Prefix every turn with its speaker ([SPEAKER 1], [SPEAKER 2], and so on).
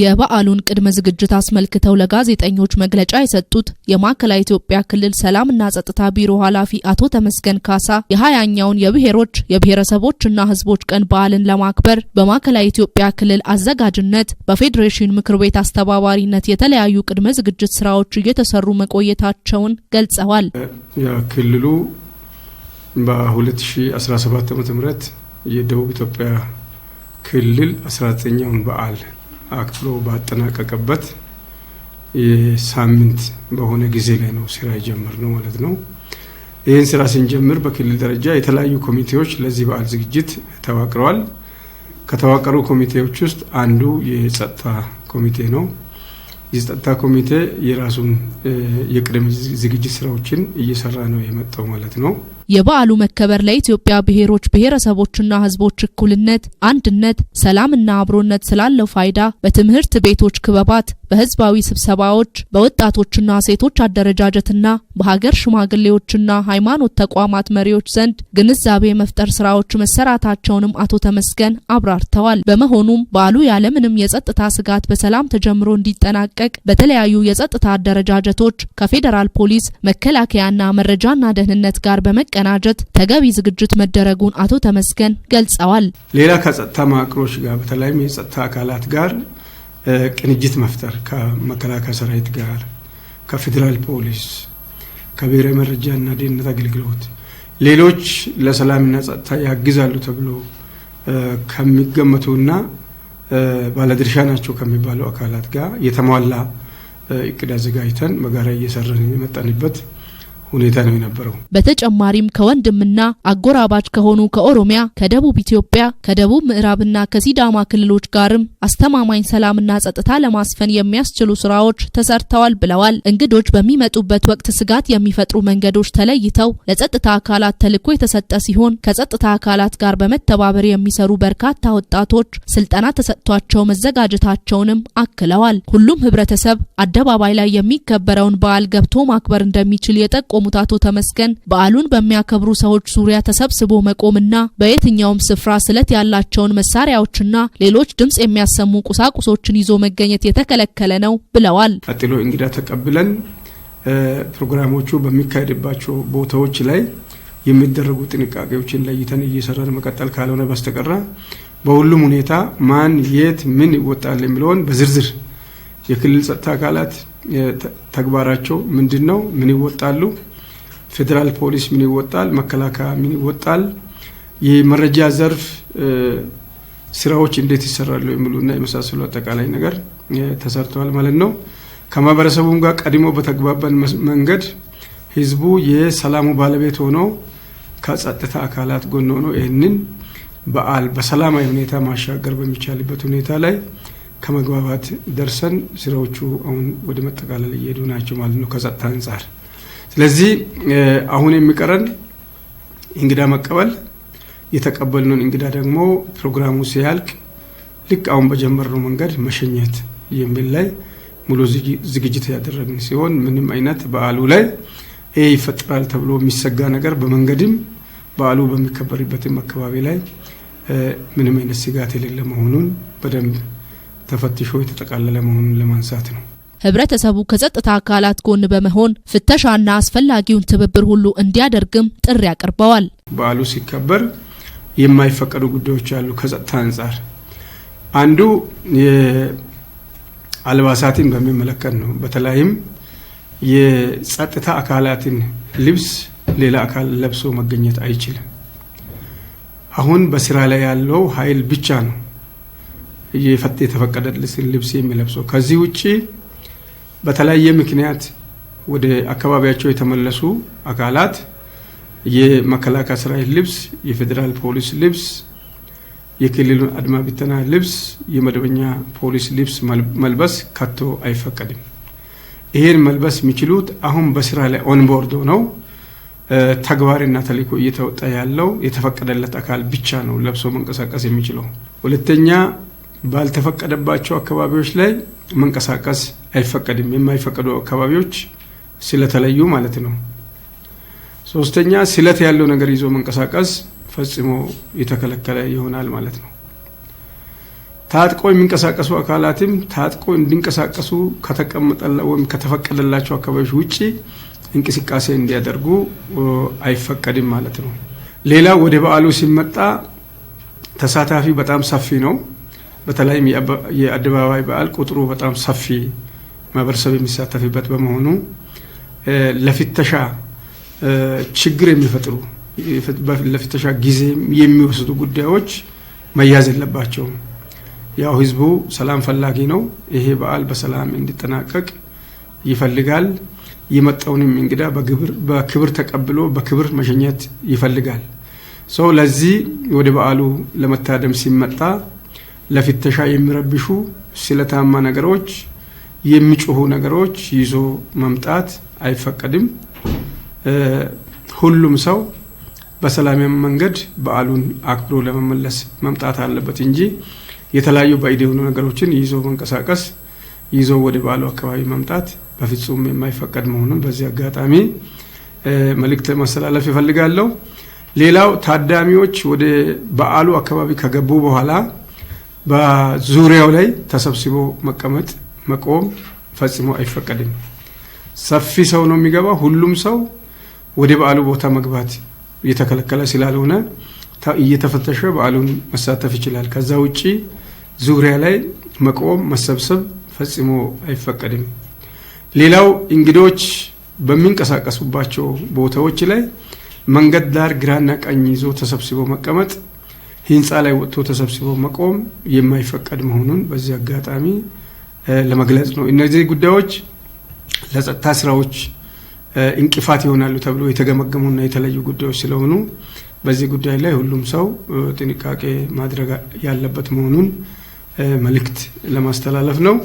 [SPEAKER 1] የበዓሉን ቅድመ ዝግጅት አስመልክተው ለጋዜጠኞች መግለጫ የሰጡት የማዕከላዊ ኢትዮጵያ ክልል ሰላምና ጸጥታ ቢሮ ኃላፊ አቶ ተመስገን ካሳ የሀያኛውን የብሔሮች የብሔረሰቦችና ሕዝቦች ቀን በዓልን ለማክበር በማዕከላዊ ኢትዮጵያ ክልል አዘጋጅነት በፌዴሬሽን ምክር ቤት አስተባባሪነት የተለያዩ ቅድመ ዝግጅት ስራዎች እየተሰሩ መቆየታቸውን ገልጸዋል።
[SPEAKER 2] ክልሉ በ2017 ዓ.ም የደቡብ ኢትዮጵያ ክልል 19ኛውን በዓል አክሎ ባጠናቀቀበት ሳምንት በሆነ ጊዜ ላይ ነው ስራ ነው ማለት ነው። ይህን ስራ ስንጀምር በክልል ደረጃ የተለያዩ ኮሚቴዎች ለዚህ በዓል ዝግጅት ተዋቅረዋል። ከተዋቀሩ ኮሚቴዎች ውስጥ አንዱ የጸጥታ ኮሚቴ ነው። የጸጥታ ኮሚቴ የራሱን የቅድመ ዝግጅት ስራዎችን እየሰራ ነው የመጣው ማለት ነው።
[SPEAKER 1] የበዓሉ መከበር ለኢትዮጵያ ብሔሮች ብሔረሰቦችና ህዝቦች እኩልነት፣ አንድነት፣ ሰላምና አብሮነት ስላለው ፋይዳ በትምህርት ቤቶች ክበባት፣ በህዝባዊ ስብሰባዎች፣ በወጣቶችና ሴቶች አደረጃጀትና በሀገር ሽማግሌዎችና ሃይማኖት ተቋማት መሪዎች ዘንድ ግንዛቤ መፍጠር ስራዎች መሰራታቸውንም አቶ ተመስገን አብራርተዋል። በመሆኑም በዓሉ ያለምንም የጸጥታ ስጋት በሰላም ተጀምሮ እንዲጠናቀቅ በተለያዩ የጸጥታ አደረጃጀቶች ከፌዴራል ፖሊስ መከላከያና መረጃና ደህንነት ጋር በመቀ ለማቀናጀት ተገቢ ዝግጅት መደረጉን አቶ ተመስገን ገልጸዋል።
[SPEAKER 2] ሌላ ከጸጥታ መዋቅሮች ጋር በተለይም የጸጥታ አካላት ጋር ቅንጅት መፍጠር ከመከላከያ ሰራዊት ጋር፣ ከፌዴራል ፖሊስ፣ ከብሔራዊ መረጃና ደህንነት አገልግሎት ሌሎች ለሰላምና ጸጥታ ያግዛሉ ተብሎ ከሚገመቱና ባለድርሻ ናቸው ከሚባሉ አካላት ጋር የተሟላ እቅድ አዘጋጅተን በጋራ እየሰራን የመጣንበት ሁኔታ ነው የነበረው።
[SPEAKER 1] በተጨማሪም ከወንድምና አጎራባች ከሆኑ ከኦሮሚያ፣ ከደቡብ ኢትዮጵያ፣ ከደቡብ ምዕራብና ከሲዳማ ክልሎች ጋርም አስተማማኝ ሰላምና ጸጥታ ለማስፈን የሚያስችሉ ስራዎች ተሰርተዋል ብለዋል። እንግዶች በሚመጡበት ወቅት ስጋት የሚፈጥሩ መንገዶች ተለይተው ለጸጥታ አካላት ተልዕኮ የተሰጠ ሲሆን ከጸጥታ አካላት ጋር በመተባበር የሚሰሩ በርካታ ወጣቶች ስልጠና ተሰጥቷቸው መዘጋጀታቸውንም አክለዋል። ሁሉም ህብረተሰብ አደባባይ ላይ የሚከበረውን በዓል ገብቶ ማክበር እንደሚችል የጠቆሙ የቆሙት አቶ ተመስገን በዓሉን በሚያከብሩ ሰዎች ዙሪያ ተሰብስቦ መቆምና በየትኛውም ስፍራ ስለት ያላቸውን መሳሪያዎችና ሌሎች ድምጽ የሚያሰሙ ቁሳቁሶችን ይዞ መገኘት የተከለከለ ነው ብለዋል።
[SPEAKER 2] ቀጥሎ እንግዳ ተቀብለን ፕሮግራሞቹ በሚካሄድባቸው ቦታዎች ላይ የሚደረጉ ጥንቃቄዎችን ለይተን እየሰራን መቀጠል ካልሆነ በስተቀረ በሁሉም ሁኔታ ማን የት ምን ይወጣል የሚለውን በዝርዝር የክልል ጸጥታ አካላት ተግባራቸው ምንድን ነው? ምን ይወጣሉ? ፌዴራል ፖሊስ ምን ይወጣል፣ መከላከያ ምን ይወጣል፣ የመረጃ ዘርፍ ስራዎች እንዴት ይሰራሉ የሚሉና የመሳሰሉ አጠቃላይ ነገር ተሰርተዋል ማለት ነው። ከማህበረሰቡም ጋር ቀድሞ በተግባባን መንገድ ህዝቡ የሰላሙ ባለቤት ሆኖ ከጸጥታ አካላት ጎን ሆኖ ይህንን በዓል በሰላማዊ ሁኔታ ማሻገር በሚቻልበት ሁኔታ ላይ ከመግባባት ደርሰን ስራዎቹ አሁን ወደ መጠቃለል እየሄዱ ናቸው ማለት ነው ከጸጥታ አንጻር ስለዚህ አሁን የሚቀረን እንግዳ መቀበል፣ የተቀበልነውን እንግዳ ደግሞ ፕሮግራሙ ሲያልቅ ልክ አሁን በጀመርነው መንገድ መሸኘት የሚል ላይ ሙሉ ዝግጅት ያደረግን ሲሆን ምንም አይነት በአሉ ላይ ይህ ይፈጠራል ተብሎ የሚሰጋ ነገር በመንገድም በአሉ በሚከበርበትም አካባቢ ላይ ምንም አይነት ስጋት የሌለ መሆኑን በደንብ ተፈትሾ የተጠቃለለ መሆኑን ለማንሳት ነው።
[SPEAKER 1] ህብረተሰቡ ከጸጥታ አካላት ጎን በመሆን ፍተሻና አስፈላጊውን ትብብር ሁሉ እንዲያደርግም ጥሪ አቅርበዋል።
[SPEAKER 2] በዓሉ ሲከበር የማይፈቀዱ ጉዳዮች አሉ። ከጸጥታ አንጻር አንዱ አልባሳትን በሚመለከት ነው። በተለይም የጸጥታ አካላትን ልብስ ሌላ አካል ለብሶ መገኘት አይችልም። አሁን በስራ ላይ ያለው ኃይል ብቻ ነው የተፈቀደ ልብስ የሚለብሰው። ከዚህ ውጭ በተለያየ ምክንያት ወደ አካባቢያቸው የተመለሱ አካላት የመከላከያ ሰራዊት ልብስ፣ የፌዴራል ፖሊስ ልብስ፣ የክልሉ አድማ ብተና ልብስ፣ የመደበኛ ፖሊስ ልብስ መልበስ ከቶ አይፈቀድም። ይሄን መልበስ የሚችሉት አሁን በስራ ላይ ኦንቦርድ ነው ተግባርና ተልእኮ እየተወጣ ያለው የተፈቀደለት አካል ብቻ ነው ለብሶ መንቀሳቀስ የሚችለው። ሁለተኛ ባልተፈቀደባቸው አካባቢዎች ላይ መንቀሳቀስ አይፈቀድም። የማይፈቀዱ አካባቢዎች ስለተለዩ ማለት ነው። ሶስተኛ ስለት ያለው ነገር ይዞ መንቀሳቀስ ፈጽሞ የተከለከለ ይሆናል ማለት ነው። ታጥቆ የሚንቀሳቀሱ አካላትም ታጥቆ እንዲንቀሳቀሱ ከተቀመጠላ ወይም ከተፈቀደላቸው አካባቢዎች ውጭ እንቅስቃሴ እንዲያደርጉ አይፈቀድም ማለት ነው። ሌላ ወደ በዓሉ ሲመጣ ተሳታፊ በጣም ሰፊ ነው። በተለይም የአደባባይ በዓል ቁጥሩ በጣም ሰፊ ማህበረሰብ የሚሳተፍበት በመሆኑ ለፍተሻ ችግር የሚፈጥሩ ለፍተሻ ጊዜ የሚወስዱ ጉዳዮች መያዝ የለባቸው። ያው ህዝቡ ሰላም ፈላጊ ነው። ይሄ በዓል በሰላም እንዲጠናቀቅ ይፈልጋል። የመጣውንም እንግዳ በክብር ተቀብሎ በክብር መሸኘት ይፈልጋል። ሰው ለዚህ ወደ በዓሉ ለመታደም ሲመጣ ለፍተሻ የሚረብሹ ስለታማ ነገሮች፣ የሚጮሁ ነገሮች ይዞ መምጣት አይፈቀድም። ሁሉም ሰው በሰላማዊ መንገድ በዓሉን አክብሮ ለመመለስ መምጣት አለበት እንጂ የተለያዩ ባዕድ የሆኑ ነገሮችን ይዞ መንቀሳቀስ ይዞ ወደ በዓሉ አካባቢ መምጣት በፍጹም የማይፈቀድ መሆኑን በዚህ አጋጣሚ መልእክት ማስተላለፍ ይፈልጋለሁ። ሌላው ታዳሚዎች ወደ በዓሉ አካባቢ ከገቡ በኋላ በዙሪያው ላይ ተሰብስቦ መቀመጥ መቆም ፈጽሞ አይፈቀድም። ሰፊ ሰው ነው የሚገባ። ሁሉም ሰው ወደ በዓሉ ቦታ መግባት እየተከለከለ ስላልሆነ እየተፈተሸ በዓሉን መሳተፍ ይችላል። ከዛ ውጭ ዙሪያ ላይ መቆም መሰብሰብ ፈጽሞ አይፈቀድም። ሌላው እንግዶች በሚንቀሳቀሱባቸው ቦታዎች ላይ መንገድ ዳር ግራና ቀኝ ይዞ ተሰብስቦ መቀመጥ ህንፃ ላይ ወጥቶ ተሰብስቦ መቆም የማይፈቀድ መሆኑን በዚህ አጋጣሚ ለመግለጽ ነው። እነዚህ ጉዳዮች ለጸጥታ ስራዎች እንቅፋት ይሆናሉ ተብሎ የተገመገሙና የተለዩ ጉዳዮች ስለሆኑ በዚህ ጉዳይ ላይ ሁሉም ሰው ጥንቃቄ ማድረግ ያለበት መሆኑን መልእክት ለማስተላለፍ ነው።